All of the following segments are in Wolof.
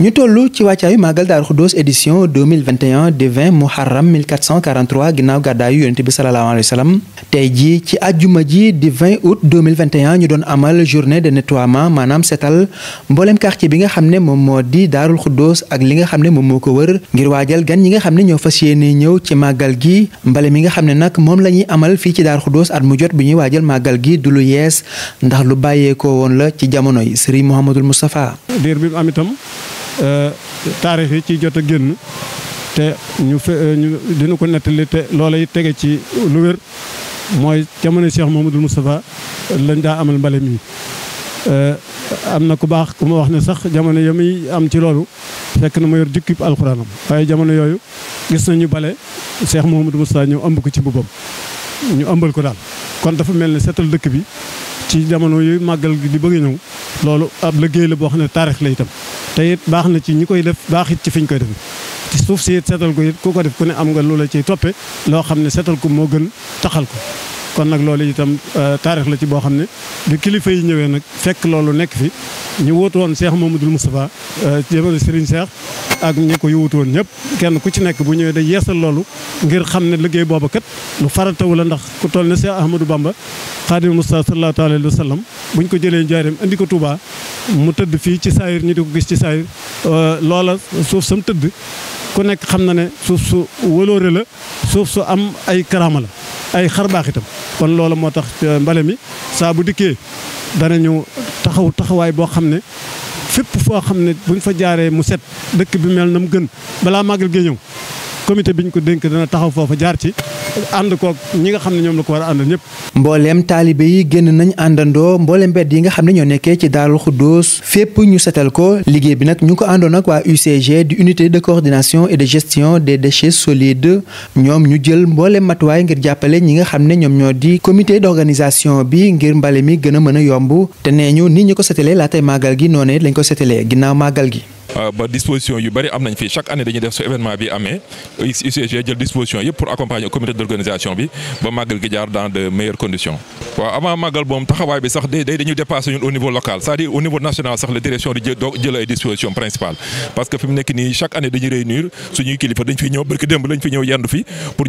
ñu toll ci wàccaayu màggal Daaru Xuddoos édition 2021 de 20 muharram 1443 ginnaaw gàddaayu yonent bi salallaahu alayhi wa sallam tey jii ci àjjuma ji di 20 août 2021 ñu doon amal journée de nettoiement maanaam setal mbooleem quartier bi nga xam ne moom moo di Daarul Xuddoos ak li nga xam ne moom moo ko wër ngir waajal gan ñi nga xam ne ñoo fas yéene ñëw ci màggal gi mbale mi nga xam ne nag moom lañuy amal fii ci Daaru Xuddoos at mu jot bi ñuy waajal màggal gi du lu yees ndax lu bàyyeekoo woon la ci jamono yi Serigne Mouhamadul Moustapha diir bi am itam Euh, taarix yi ci jot a génn te ñu fe euh, ñu dina ko nettali te loola yi tege ci lu wér mooy jamono Cheikh Mouhamadoul Moustapha lañ daa amal mbale mi euh, am na ku baax ku ma wax ne sax jamono ya muy am ci loolu fekk na ma yor jukkib alxuraanam waaye jamono yooyu gis nañu bale Cheikh Mouhamadou Moustapha ñëw ëmb ko ci mbubbam ñu ëmbal ko daal kon dafa mel ne seetal dëkk bi ci jamono yu màggal gi di bëgg ñëw loolu ab liggéey la boo xam ne taarix la itam te it baax na ci ñi koy def baax it ci fi ñu koy def ci suuf si it seetal ko it ku ko def ku ne am nga loola ciy toppe loo xam ne seetal ko moo gën taxal ko kon nag loolu itam euh, taarix la ci boo xam ne bi kilifa yi ñëwee nag fekk loolu nekk fi ñu wóotu woon Cheikh Mamadou Moustapha euh, jamono Serigne Cheikh ak ñi ko yóotu woon ñëpp kenn ku ci nekk bu ñëwee day yeesal loolu ngir xam ne liggéey booba kat lu faratawu la ndax ku toll ne Cheikh Ahmadou Bamba Xaadimu Mustafa sallallahu alayhi wa bu buñ ko jëlee njaareem indi ko Touba mu tëdd fii ci saayir ñi di ko gis ci saayir euh, loola suuf sam tëdd ku nekk xam na ne suuf su wëloore la suuf su am ay karaama la ay xarbaaxitam kon loolu moo tax euh, mbale mi saa bu dana danañu taxaw taxawaay boo xam ne fépp foo xam ne buñ fa jaaree mu set dëkk bi mel na mu gën balaa màggal gi ñëw comité bi ñu ko dénk dana taxaw foofu jaar ci ànd kook ñi nga xam ne ñoom la ko war a àndal ñëpp. mbooleem taalibe yi génn nañu àndandoo mbooleem mbedd yi nga xam ne ñoo nekkee ci Daarul Xuddoos fépp ñu setal ko liggéey bi nag ñu ko àndoon nag waa UCG di unité de coordination et de gestion des déchets solides ñoom ñu jël mbooleem matuwaay ngir jàppale ñi nga xam ne ñoom ñoo di comité d'organisation bi ngir mbale mi gën a mën a yomb te nee ñu nit ñi ko setalee laatay màggal gi noonu lañ ko setalee ginnaaw màggal gi Euh, ba disposition yu bëri am nañ fii chaque année dañuy def su événement bi amee UCG jël disposition yëpp pour accompagner comité d' bi ba màggal gi jaar dans de meilleures conditions. waaw avant màggal moom taxawaay bi sax day dañuy au niveau local cest à au niveau national sax la direction di jël ay dispositions principales parce que fi mu nekk nii chaque année dañuy réunir suñuy kilifa dañ fi ñëw barki démb lañ fi ñëw yendu fi pour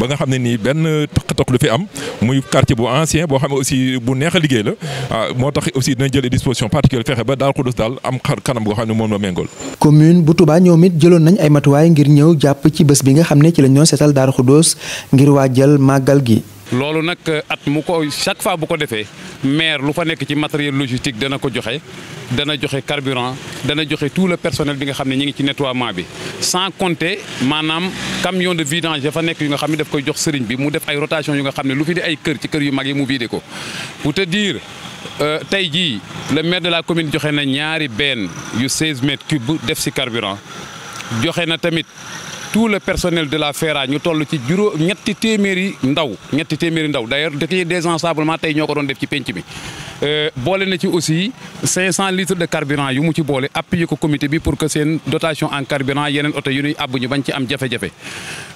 ba nga xam ne nii benn takk-takk lu fi am muy quartier bu ancien boo xam ne aussi bu neex a liggéey la ah, moo tax aussi dina jëlee disposition particulière fexe ba Daaru Xudoos daal am xar kanam boo xam ne moom la méngool. commune bu Touba ñoom jëloon nañ ay matuwaay ngir ñëw jàpp ci bés bi nga xam ne ci lañ doon seetal Daaru Xudoos ngir waajal màggal gi. loolu nag euh, at mu ko chaque fois bu ko defee maire lu fa nekk ci matériel logistique dana ko joxe dana joxe carburant dana joxe tout le personnel bi nga xam ne ñi ngi ci nettoiement bi sans compter maanaam camion de vidange dafa nekk yu nga xam ne daf koy jox sëriñ bi mu def ay rotation yu nga xam ne lu fi di ay kër ci kër yu mag yi mu vidé ko pour te dire euh, tey jii le maire de la commune joxe na ñaari benn yu 16 mètres cube def si carburant joxe na tamit tout le personnel de la FERA ñu toll ci juróom ñetti téeméeri ndaw ñetti téeméeri ndaw d'ailleurs dañuy désensablement tey ñoo ko doon def ci penc bi euh, boole na ci aussi 500 litres de carburant yu mu ci boole appuyer ko comité bi pour que seen dotation en carburant yeneen oto yu ñuy àbb ñu bañ ci am jafe-jafe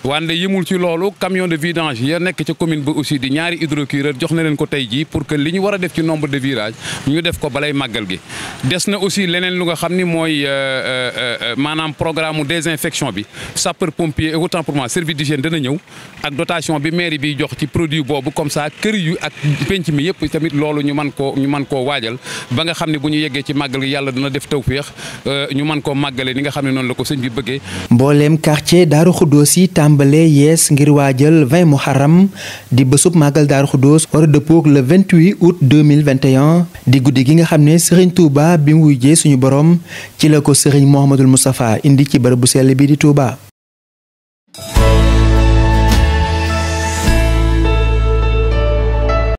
wande yëmul ci loolu camion de vidange ya nekk ca commune ba aussi di ñaari hydrocureur jox na leen ko tey jii pour que li ñu war def ci nombre de virages ñu def ko balay màggal gi des na aussi leneen lu nga xam ni mooy euh, euh, euh, maanaam programme désinfection bi sapeur pompier et autant pour moi service d'hygiène dana ñëw ak dotation bi mairie bi jox ci produit boobu comme ça kër yu ak penc mi yëpp tamit loolu ñu man koo ñu mën koo waajal ba nga xam ne bu ñu yeggee ci màggal gi yàlla dana def tawféex ñu mën koo màggale ni nga xam ne noonu la ko sëñ bëggee. tàmbalee yees ngir waa waajal 20 muharram di bésub màggal Daaru Xuddoos war a dëppoog le 28 août 2021 di guddi gi nga xam ne Serigne Touba bi mu wujjee suñu boroom ci la ko Serigne Mouhamadul Moustapha indi ci bërëb bu sell bi di Touba.